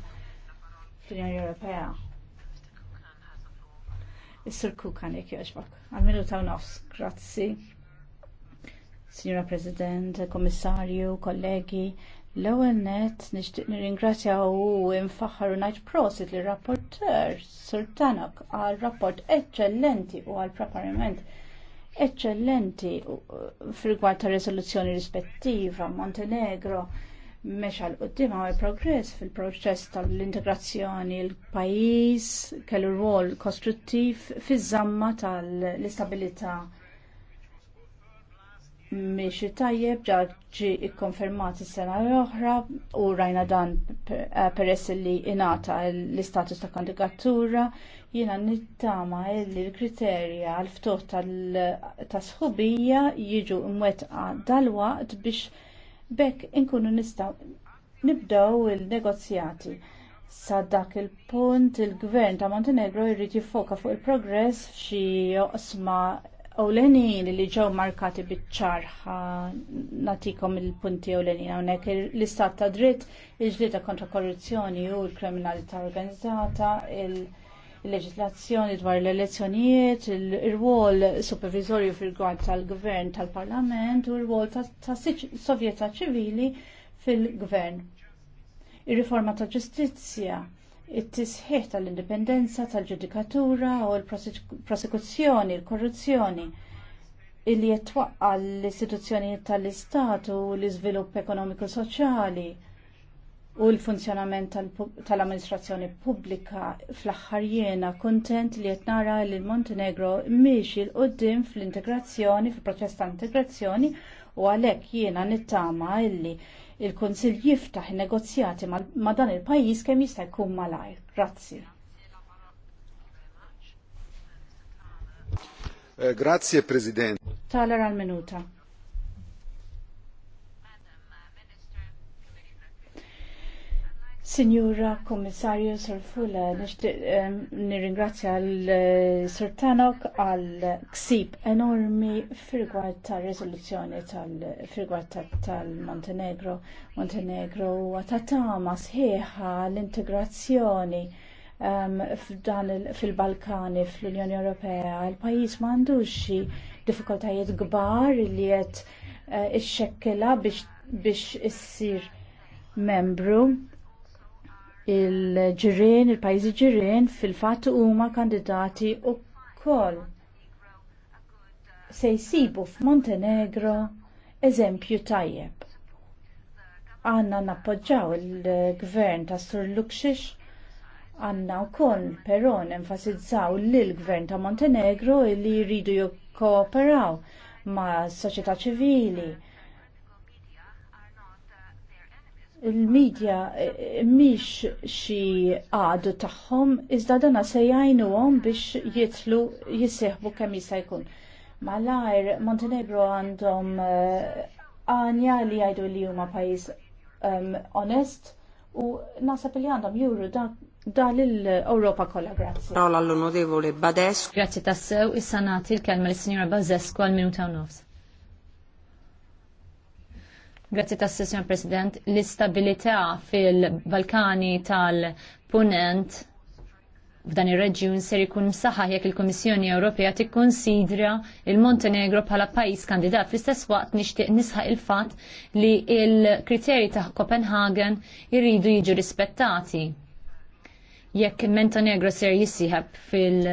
fl-Unjoni Ewropea. Is-Sir Kukan jek jogħġbok. għal ta' nofs, grazzi. Signora President, Komissarju, kollegi L-ewwel nett nixtieq nirringrazzjaw u nfaħħar u ngħid prosit lir rapporter Sir Tannock, għal rapport eċċellenti u għal preparament eċċellenti uh, fil-gwar ta' riżoluzzjoni rispettiva Montenegro mex l qoddim għal progress fil-proċess tal-integrazzjoni l-pajis kellu rwol kostruttiv fiż-żamma tal-istabilità miex tajjeb ġi ikkonfermat is-sena l-oħra u rajna dan eh, peress li inata l-istatus ta' kandidatura jiena nittama li l-kriterja għal ftuħ ta' sħubija jiġu mwettqa dal-waqt biex bekk inkunu nistgħu nibdew il-negozjati. Sa dak il-punt il-gvern ta' Montenegro jrid jiffoka fuq il-progress f'xi oqsma ewlenin li ġew markati biċ natikom il-punti ewlenin hawnhekk l-istat ta' dritt, il ġlita kontra korruzzjoni u l-kriminalità organizzata, il-leġislazzjoni dwar l-elezzjonijiet, il-rwol supervizorju fil-gwad tal-gvern tal-parlament u l rwol tas sovjetà ċivili fil-gvern. Ir-riforma ta' ġustizzja it-tisħiħ tal-indipendenza tal-ġudikatura u l-prosekuzzjoni, l-korruzzjoni illi jettwaqqa l-istituzzjonijiet tal-istatu u l-iżvilupp ekonomiku soċjali u l-funzjonament tal-amministrazzjoni pubblika fl-aħħar jiena kuntent li qed nara li l-Montenegro miexi l qudiem fl-integrazzjoni, fil-proċess ta' integrazzjoni u għalhekk jiena nittama illi il-Konsil jiftaħ negozjati ma' dan il-pajis kemm jista' jkun malajr. Grazzi. Eh, grazie President. Taler għal minuta. Signora Kommissarju Sorfula, nirringrazzja l-Sortanok għal ksib enormi firgwad ta' rezoluzzjoni tal-firgwad tal-Montenegro. Montenegro ta' Tama sħiħa l-integrazzjoni fil-Balkani, fl-Unjoni Ewropea. Il-pajis manduxi diffikultajiet gbar li jett eh, ix biex issir membru il-ġirien, il-pajzi ġirien fil-fatt huma kandidati u koll. Se jisibu f'Montenegro eżempju tajjeb. Għanna nappoġġaw il-gvern ta' Sur Lukxix, għanna u koll peron enfasizzaw l-gvern ta' Montenegro li jridu jikkooperaw ma' soċjetà ċivili il-medja eh, eh, mhix xi għadu tagħhom iżda dana se jgħinuhom biex jitlu jissieħbu kemm jista' jkun. Malajr Montenegro għandhom eh, għanja li jgħidu li huma pajjiż ehm, onest u nasab li għandhom juru dan l-Europa kollha grazzi. Rola l-onorevole Badescu. Grazzi tassew, is-sanati l-kelma l-Sinjora Bażesku għal-minuta u nofs. Grazzi tas sessjon President, l-istabilità fil-Balkani tal-Punent f'dan ir-reġjun ser ikun msaħħa jekk il-Kummissjoni Ewropea tikkonsidra il-Montenegro bħala pajjiż kandidat. Fl-istess waqt nixtieq nisħaq il-fatt li l-kriterji ta' Copenhagen irridu jiġu rispettati. Jekk Montenegro ser jissieħab fil-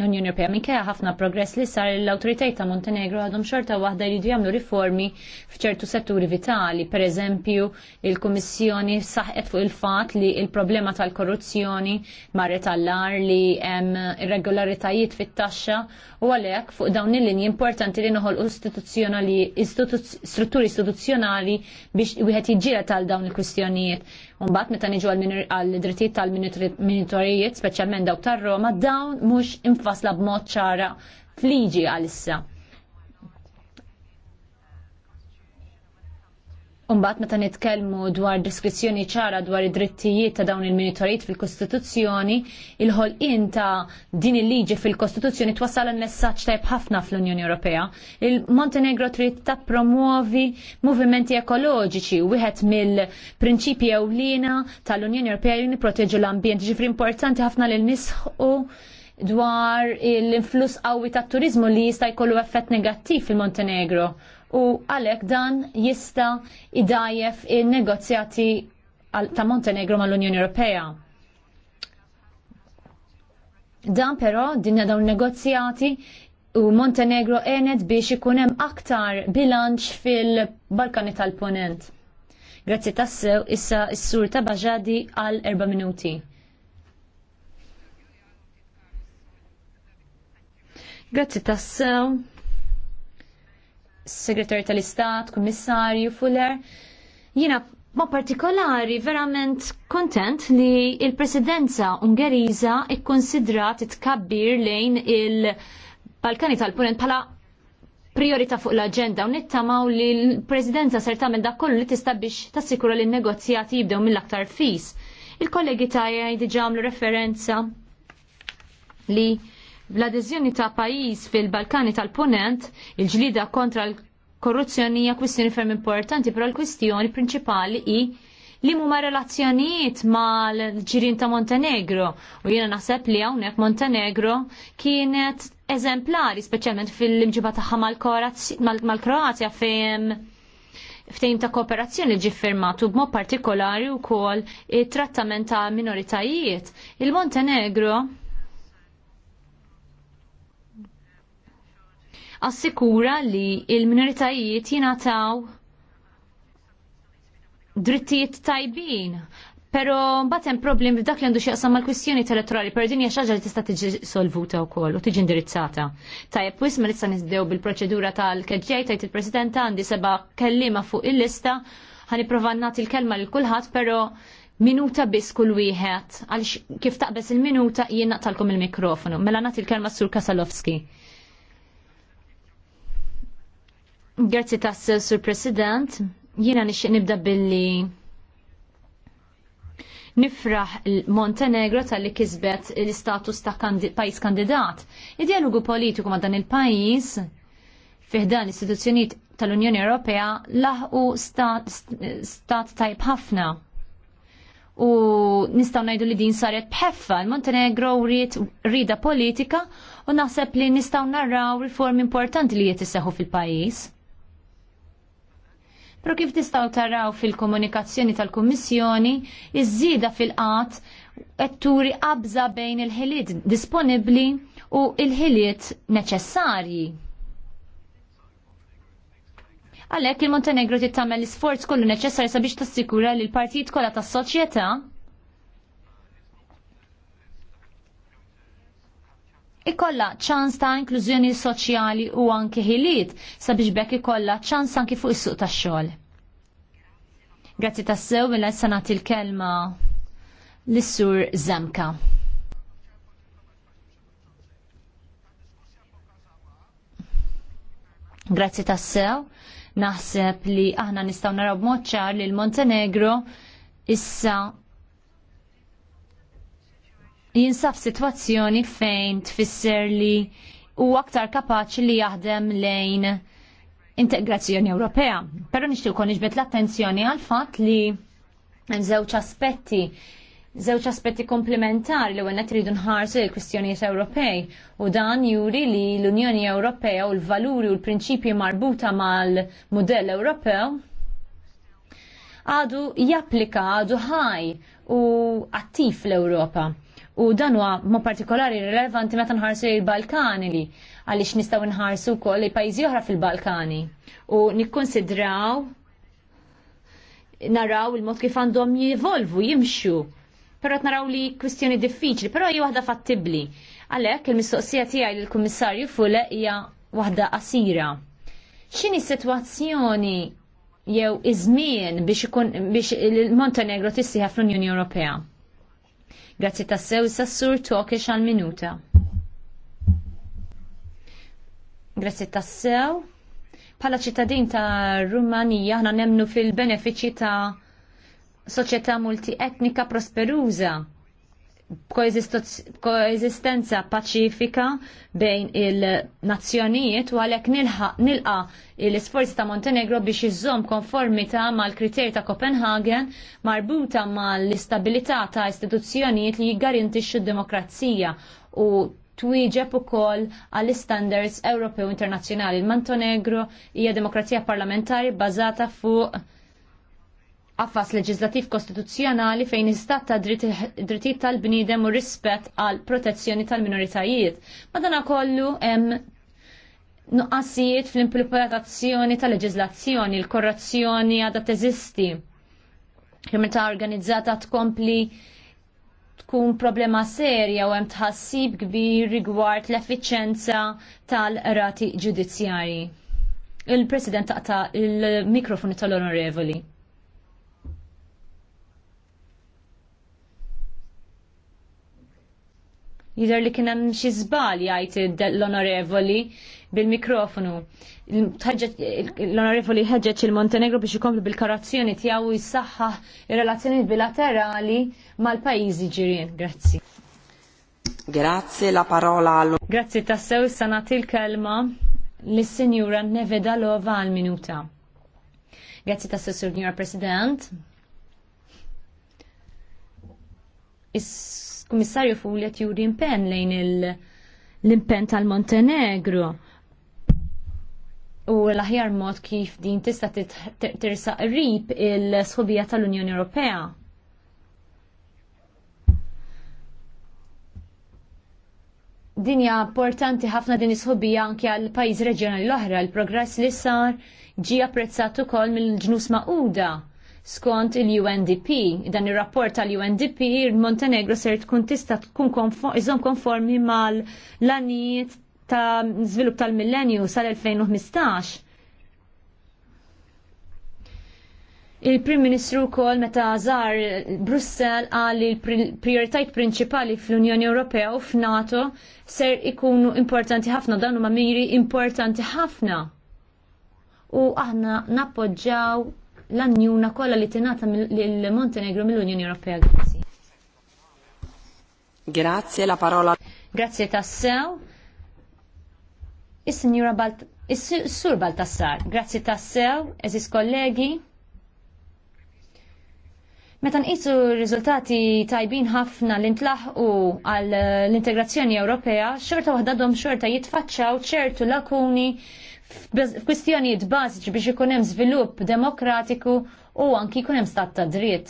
l-Unjoni Ewropea minkejja ħafna progress li sar l-awtoritajiet ta' Montenegro għadhom xorta waħda jridu jagħmlu riformi f'ċertu setturi vitali, pereżempju il-Kummissjoni saħqet fuq il-fatt li il-problema tal-korruzzjoni marret lar li hemm irregolaritajiet fit-taxxa u għalhekk fuq dawn il-linji importanti li noħolqu istituzzjonali strutturi istituzzjonali biex wieħed jiġġiela tal dawn il-kwistjonijiet Unbat meta niġu għal-drittijiet tal-minitorijiet, speċjalment dawk tar-Roma, dawn mhux infasla b'mod ċara fliġi issa. Umbat meta nitkellmu dwar diskrizzjoni ċara dwar id-drittijiet ta' dawn il-minitorijiet fil-Kostituzzjoni, il-ħolqien ta' din il-liġi fil-Kostituzzjoni twassal messaġġ tajb ħafna fl-Unjoni Ewropea. Il-Montenegro trid tappromuovi movimenti ekoloġiċi wieħed mill-prinċipji ewliena tal-Unjoni Ewropea li nipproteġu l-ambjent. Ġifri importanti ħafna li nisħu dwar l-influss qawwi tat-turizmu li jista' jkollu effett negattiv fil-Montenegro u għalek dan jista idajef il-negozjati ta' Montenegro ma' l-Unjoni Ewropea. Dan però dinna dawn negozjati u Montenegro enet biex ikun hemm aktar bilanċ fil-Balkani tal-Ponent. Grazzi tassew issa s-sur ta' Baġadi għal erba' minuti. Grazzi tassew segretarju tal-Istat, kummissarju, Fuller. Jina ma partikolari verament kontent li il-presidenza Ungeriza ikkonsidra titkabbir lejn il-Balkani tal-Punent pala priorita fuq l-agenda u nittamaw li l-Presidenza ser tagħmel dak kollu li tista' biex tassikura li n-negozjati jibdew mill-aktar fis. Il-kollegi tajja diġa għamlu referenza li l adeżjoni ta' pajjiż fil-Balkani tal-Punent, il-ġlida kontra l-korruzzjoni hija kwistjoni ferm importanti, però l-kwistjoni prinċipali hi li huma relazzjonijiet mal-ġirin ta' Montenegro u jiena naħseb li hawnhekk Montenegro kienet eżemplari speċjalment fil-imġiba tagħha mal-Kroazja fejn ftejn ta' kooperazzjoni ġi firmatu b'mod partikolari wkoll it-trattament ta' minoritajiet. Il-Montenegro assikura li il-minoritajiet jinataw drittijiet tajbin. Pero mbagħad hemm problem b'dak li għandu xieqsam mal-kwistjoni elettorali, per din hija xi ħaġa li tista' tiġi solvuta wkoll u tiġi indirizzata. Tajjeb wisma li tista' nisdew bil-proċedura tal kedġej tajt il-President għandi seba' kellima fuq il-lista ħaniprofa nagħti l-kelma lil kulħadd, pero minuta biss kull wieħed għal kif taqbes il-minuta jien naqtalkom il-mikrofonu. Mela nagħti l-kelma sur Kasalowski. Grazzi tas Sur President. Jiena nixtieq nibda billi nifraħ Montenegro tal-li kisbet l-istatus ta' pajis kandidat. Id-dialogu politiku ma' dan il-pajis fiħdan l-istituzzjoniet tal-Unjoni Ewropea laħqu stat, stat tajb ħafna. U nistaw najdu li din saret bħeffa l-Montenegro rrit rida politika u naħseb li nistaw narraw riformi importanti li jtisseħu fil-pajis. Pro kif tistaw taraw fil-komunikazzjoni tal-Kummissjoni, iż-żida fil-qat etturi turi qabża bejn il-ħiliet disponibbli u il-ħiliet neċessarji. Għalhekk il-Montenegro tittamel l-isforz kollu neċessarju sabiex tassikura li l-partijiet kollha tas-soċjetà ikolla ċans ta' inklużjoni soċjali u anke ħiliet sabiex bekk ikolla ċans anki fuq is-suq tax-xogħol. Grazzi tassew mill mela sanat nagħti l-kelma lis-sur Zemka. Grazzi tassew, naħseb li aħna nistgħu naraw b'mod ċar li l-Montenegro issa jinsab situazzjoni fejn tfisser li u aktar kapaċi li jaħdem lejn integrazzjoni Ewropea. Pero nixtiew kon iġbet l-attenzjoni għal fatt li hemm żewġ aspetti Żewġ aspetti komplementari li għennet tridu nħarsu il-kwistjonijiet Ewropej u dan juri li l-Unjoni Ewropea u l-valuri u l-prinċipji marbuta mal-modell Ewropew għadu japplika, għadu ħaj u attiv l-Europa. U dan huwa mo partikolari rilevanti meta nħarsu il-Balkani li għaliex nistgħu nħarsu wkoll il-pajjiżi oħra fil-Balkani u nikkonsidraw naraw il-mod kif għandhom jivolvu, jimxu. Però qed naraw li kwistjoni diffiċli, però hija waħda fattibbli. Għalhekk il-mistoqsija tiegħi lill-Kummissarju Fule hija waħda qasira. X'inhi s-sitwazzjoni jew iż-żmien biex ikun biex il-Montenegro tissieħ fl-Unjoni Ewropea? Grazzi tassew sassur Tokish għal minuta. Grazzi tassew. Pala ċittadin ta' Rumanija ħna nemnu fil-benefiċi ta' soċjetà multietnika prosperuża koeżistenza paċifika bejn il-nazzjonijiet u għalhekk nilqa l-isforzi ta' Montenegro biex iżżomm konformità mal-kriterji ta' Copenhagen marbuta mal-istabilità ta' istituzzjonijiet li jiggarantixxu d-demokrazija u twieġeb ukoll għall standards Ewropew internazzjonali. Il-Montenegro hija demokrazija parlamentari bbażata fuq għaffas leġislativ kostituzzjonali fejn istat ta' drittijiet tal-bniedem u rispett għal protezzjoni tal-minoritajiet. Madana kollu hemm nuqqasijiet fl-implementazzjoni tal leġizlazzjoni il-korrazzjoni għadha teżisti. Kriminalità organizzata tkompli tkun problema serja u hemm tħassib kbir rigward l-effiċenza tal-rati ġudizzjarji. Il-President taqta' il-mikrofoni tal-onorevoli. Jidher li kien hemm xi żbal jgħid l-onorevoli bil-mikrofonu. L-onorevoli ħeġġeġ il-Montenegro biex ikompli bil-karazzjoni tiegħu jissaħħaħ ir-relazzjoni bilaterali mal-pajjiżi ġirien. Grazzi. Grazie la parola allo. Grazie tassew nagħti il-kelma lis-Sinjura Neveda Lova għal-minuta. Grazie tassew, Signora President. Is il-Kummissarju li juri impenn lejn l-impenn tal-Montenegro. U l-aħjar mod kif din tista' tirsaq rib il-sħobija tal-Unjoni Ewropea. Dinja importanti ħafna din is is-sħobija anke għal pajjiż reġjonali l-oħra, l-progress li sar ġie apprezzat ukoll mill-ġnus maquda skont il-UNDP, dan ir-rapport tal-UNDP, il-Montenegro ser tkun tista' tkun iżom konformi mal-lanijiet ta' żvilupp tal-millenju sal-2015. Il-Prim Ministru kol meta żar Brussel għal il-prioritajt prinċipali fl-Unjoni Ewropea u f'NATO ser ikunu importanti ħafna dan huma miri importanti ħafna. U aħna nappoġġaw l-anjuna kollha li tingħata lill-Montenegro mill-Unjoni Europea. Grazzi. Grazie la parola. Grazie tassew. is signora Balt Is-Sur Baltassar, grazzi tassew, eżis kollegi. Meta nqisu riżultati tajbin ħafna li ntlaħqu għall integrazzjoni Ewropea, xorta waħda dom xorta jitfaċċaw ċertu lakuni kwistjonijiet bażiċi biex ikun hemm żvilupp demokratiku u anki jkun hemm stat ta' dritt.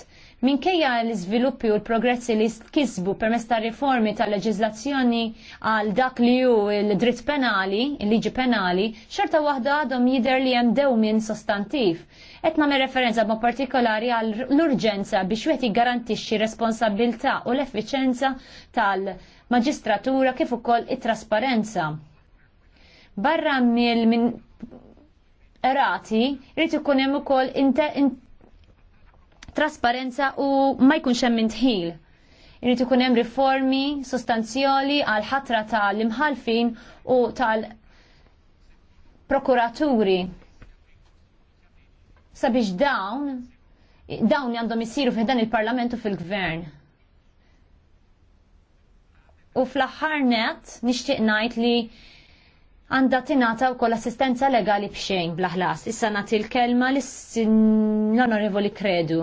Minkejja l-iżviluppi u l-progressi li kisbu permezz ta' riformi ta' leġiżlazzjoni għal dak li ju l-dritt penali, l liġi penali, xorta wahda għadhom jider li hemm minn sostantiv qed nagħmel referenza ma' partikolari għal l-urġenza biex wieħed jiggarantixxi responsabilta' u l-effiċenza tal-maġistratura kif ukoll it-trasparenza barra mill minn rati rrid ikun hemm ukoll trasparenza u ma jkunx hemm intħil. Irrid ikun hemm riformi sostanzjali għal ħatra tal-imħalfin u tal-prokuraturi sabiex dawn dawn għandhom jisiru f'dan il-parlamentu fil-gvern. U fl-aħħar net nixtieq ngħid li għanda tinata u assistenza legali bxejn blaħlas. Issa nati l-kelma l-onorevoli kredu.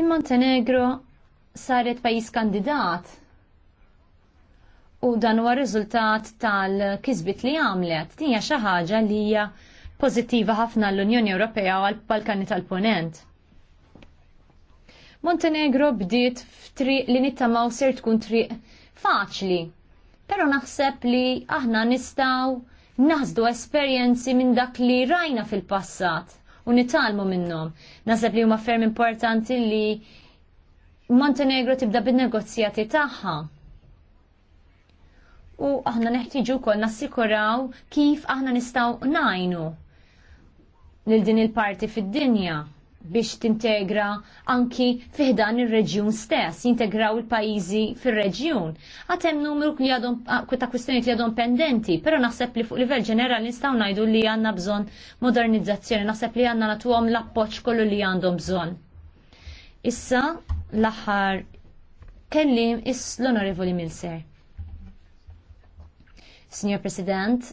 Il-Montenegro saret pajis kandidat u dan huwa riżultat tal-kisbit li għamlet. Dinja xi ħaġa li hija pożittiva ħafna l-Unjoni Ewropea u għall-Balkani tal-Ponent. Montenegro bdiet f'tri li nittamaw ser tkun triq faċli. Pero naħseb li aħna nistaw naħsdu esperjenzi minn dak li rajna fil-passat u nitalmu minnhom. Naħseb li huma ferm importanti li Montenegro tibda bin-negozjati tagħha. U aħna neħtiġu kol nassikuraw kif aħna nistaw najnu lil din il-parti fid-dinja biex tintegra anki fiħdan il-reġjun stess, jintegraw il-pajizi fil-reġjun. Għatem numru li għadhom, ta' kwistjoniet li għadhom pendenti, pero naħseb li fuq livell ġenerali nistaw najdu li għanna bżon modernizzazzjoni, naħseb li għanna natuhom l-appoċ kollu li għandhom bżon. Issa, l-aħħar kellim is l-Onorevoli Milser. Signor President,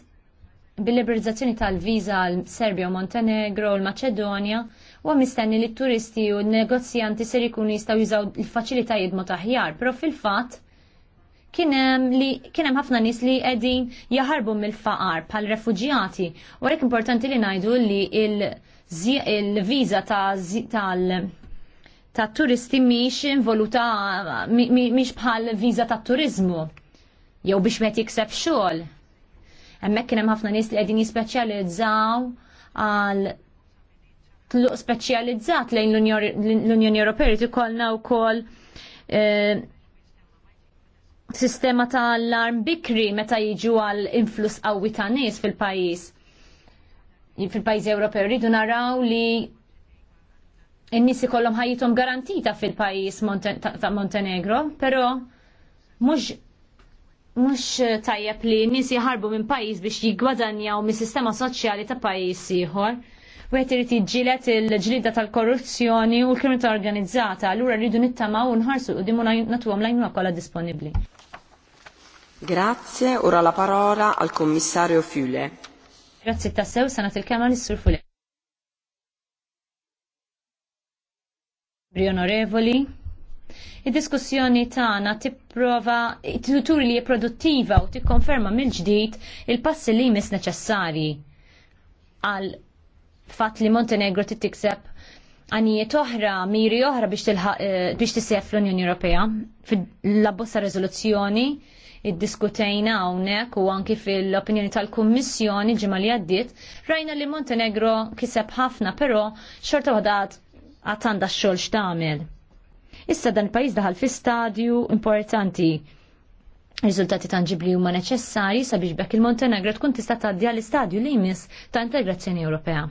bil liberizzazzjoni tal-viza għal Serbia u Montenegro u l-Macedonia, u mistenni li t-turisti u n-negozjanti ser ikunu jistaw jużaw il-faċilitajiet mod aħjar, però fil-fatt kienem hemm ħafna nis li qegħdin jaħarbu mill-faqar bħal refuġjati u hekk importanti li ngħidu li il-viża tal ta' turisti miex involuta miex bħal viża ta' turizmu jew biex met jikseb xogħol. Hemmhekk kien hemm ħafna nies li qegħdin jispeċjalizzaw għal tluq speċjalizzat lejn l-Unjoni Ewropea jrid ikollna wkoll e, sistema ta' allarm bikri meta jiġu għal influss qawwi ta' nies fil-pajjiż. Fil-pajjiż Ewropew rridu naraw li n-nies ikollhom ħajjithom garantita fil-pajjiż ta' Montenegro, però mhux mux tajjeb li n-nies jħarbu minn pajjiż biex jigwadanjaw mis sistema soċjali ta' pajjiż ieħor wieħed irid jiġġieled il-ġlida tal-korruzzjoni u l-kriminalità organizzata, allura rridu nittamaw u nħarsu u dimu nagħtuhom lajnuna kollha disponibbli. Grazie, ora la parola al commissario Fjule. Grazie tassew, sanat il-kema l-Sur Fule. Onorevoli, Id-diskussjoni tagħna tipprova turi li produttiva u tikkonferma mill-ġdid il-passi li jmiss neċessari għal fatt li Montenegro titikseb għanijiet oħra, miri oħra biex tisef eh, l-Unjoni Ewropea. Fil-labbossa rezoluzzjoni id-diskutejna hawnhekk u anki fil-opinjoni tal-Kummissjoni ġimgħa li għaddiet, rajna li Montenegro kiseb ħafna, però xorta waħda għad għandha x-xogħol x'tagħmel. Issa dan il-pajjiż daħal fi stadju importanti Riżultati tangibli huma neċessarji sabiex bekk il-Montenegro tkun tista' tgħaddi għall-istadju li jmiss ta' integrazzjoni Ewropea.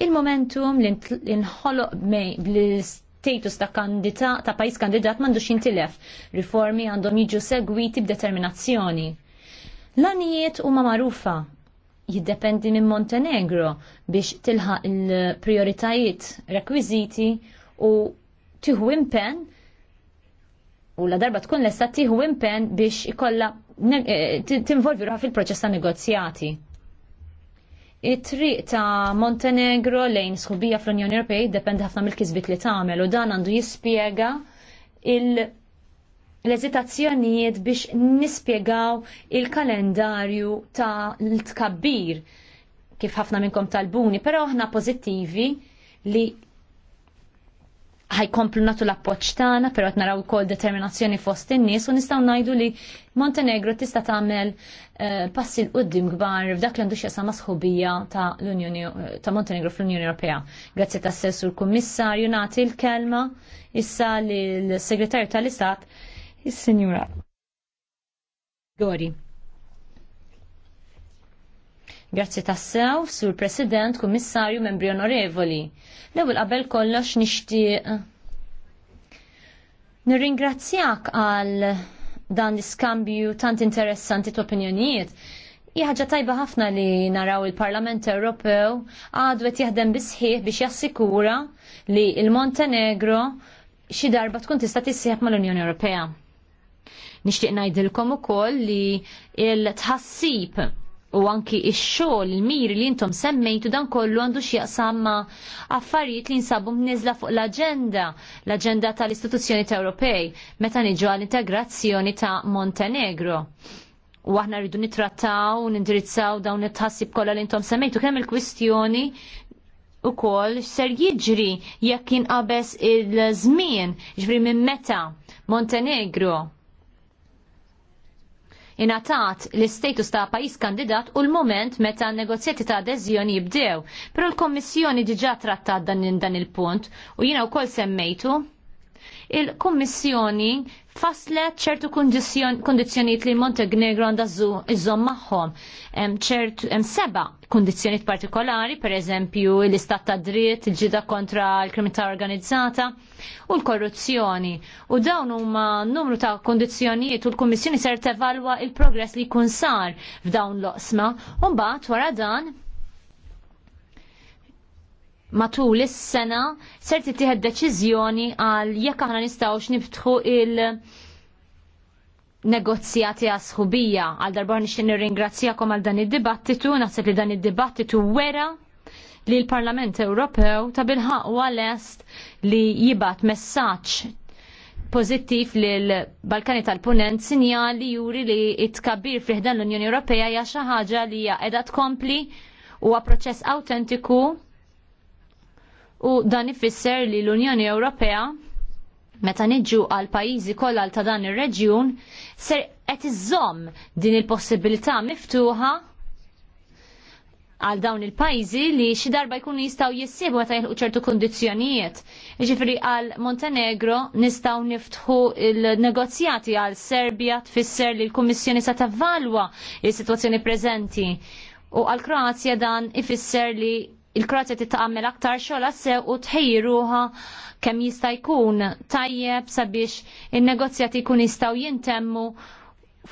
Il-momentum li nħoloq bl-status ta' kandida ta' pajis kandidat mandu jintilef. Riformi għandhom jiġu segwiti b'determinazzjoni. L-anijiet huma magħrufa jiddependi minn Montenegro biex tilħaq il-prioritajiet rekwiziti u tiħu impen u la darba tkun l-estat tiħu impen biex ikolla eh, tinvolvi ruħa fil-proċess ta' negozjati it-triq ta' Montenegro lejn sħubija fl-Unjoni Ewropej, dependi ħafna mill-kisbit li tagħmel u dan għandu jispjega l-eżitazzjonijiet biex nispjegaw il-kalendarju ta' l-tkabbir kif ħafna minnkom talbuni, però aħna pożittivi li ħajkomplu natu l-appoċ tagħna, però qed naraw ukoll determinazzjoni fost in-nies u nistgħu ngħidu li Montenegro tista' tagħmel eh, passi l qudiem kbar f'dak li għandu x'jaqsam masħubija ta' l-Unjoni ta' Montenegro fl-Unjoni Ewropea. Grazzi ta' sessur kummissarju nagħti l-kelma issa lill segretarju tal-Istat is-Sinjura Gori. Grazzi tassew, sur President, Kummissarju, Membri Onorevoli. L-ewwel qabel kollox nixtieq Nirringrazzjak għal dan l-iskambju tant interessanti t-opinjonijiet. Iħħġa tajba ħafna li naraw il-Parlament Ewropew għadu għet jahdem bisħieħ biex jassikura li il-Montenegro xi darba tkun tista' tissieħ mal-Unjoni Ewropea. Nixtieq ngħidilkom ukoll li il-tħassib u anki ix-xogħol il-miri li intom semmejtu dan kollu għandu x'jaqsam ma' affarijiet li nsabu mniżla fuq l-aġenda, l-aġenda tal-istituzzjoni ta' Ewropej meta niġu għall-integrazzjoni ta' Montenegro. U aħna rridu nitrattaw, nindirizzaw dawn it-tħassib kollha li intom semmejtu kemm il-kwistjoni u kol ser jiġri jekk jinqabes il-żmien, ġri minn meta Montenegro inatat l-istatus ta' pajis kandidat u l-moment meta negozjati ta' adeżjoni jibdew. Pero l-Kommissjoni diġa trattat dan, dan il-punt u jina u kol semmejtu il-Kommissjoni faslet ċertu kondizjoniet li Montenegro għandha iżom magħhom. ċertu hemm seba' kondizjoniet partikolari, per eżempju l-istat ta' dritt, il-ġida kontra l-kriminalità organizzata u l-korruzzjoni. U dawn huma numru ta' kondizjonijiet u l-Kummissjoni ser tevalwa il-progress li jkun sar f'dawn l-oqsma. U mbagħad wara dan matul is-sena ser tittieħed deċiżjoni għal jekk aħna nistgħux niftħu il negozjati għasħubija għal darbar nixtieq nirringrazzjakom għal dan id-dibattitu, naħseb li dan id-dibattitu wera li l-Parlament Ewropew ta' bilħaq lest li jibat messaġġ pozittif li l-Balkani tal-Punent sinjali juri li it-kabbir fiħdan l-Unjoni Ewropea hija xi ħaġa li hija qiegħda tkompli huwa proċess awtentiku U dan ifisser li l-Unjoni Ewropea meta niġu għal pajjiżi kollha ta' dan ir-reġjun ser qed iżomm din il-possibilità miftuħa għal dawn il-pajzi li xi darba jkunu jistgħu jissibu meta jilħu ċertu kundizzjonijiet. Jiġifieri għal Montenegro nistgħu niftħu il-negozjati għal Serbja tfisser li l-Kummissjoni sa tavalwa is-sitwazzjoni preżenti. U għal Kroazja dan ifisser li il-Kroatja titqammel aktar xogħol sew u tħejruha kemm jista' jkun tajjeb sabiex in-negozjati jkun jistgħu jintemmu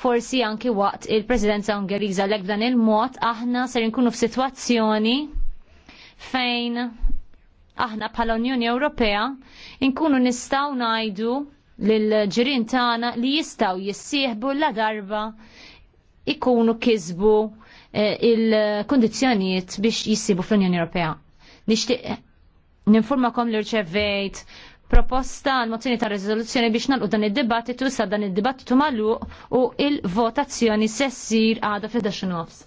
forsi anki waqt il-Presidenza Ungeriża lek dan il-mod aħna ser nkunu f'sitwazzjoni fejn aħna bħala Unjoni Ewropea nkunu nistgħu ngħidu lill-ġirien tagħna li jistgħu jissieħbu la darba ikunu kisbu Eh, il-kondizjonijiet biex jissibu fl-Unjoni Ewropea. Nixtieq ninformakom li rċevejt proposta għal mozzjoni ta' rezoluzzjoni biex nalqu dan id-dibattitu sa dan id-dibattitu magħluq u il-votazzjoni sessir għadha fil-daxin nofs.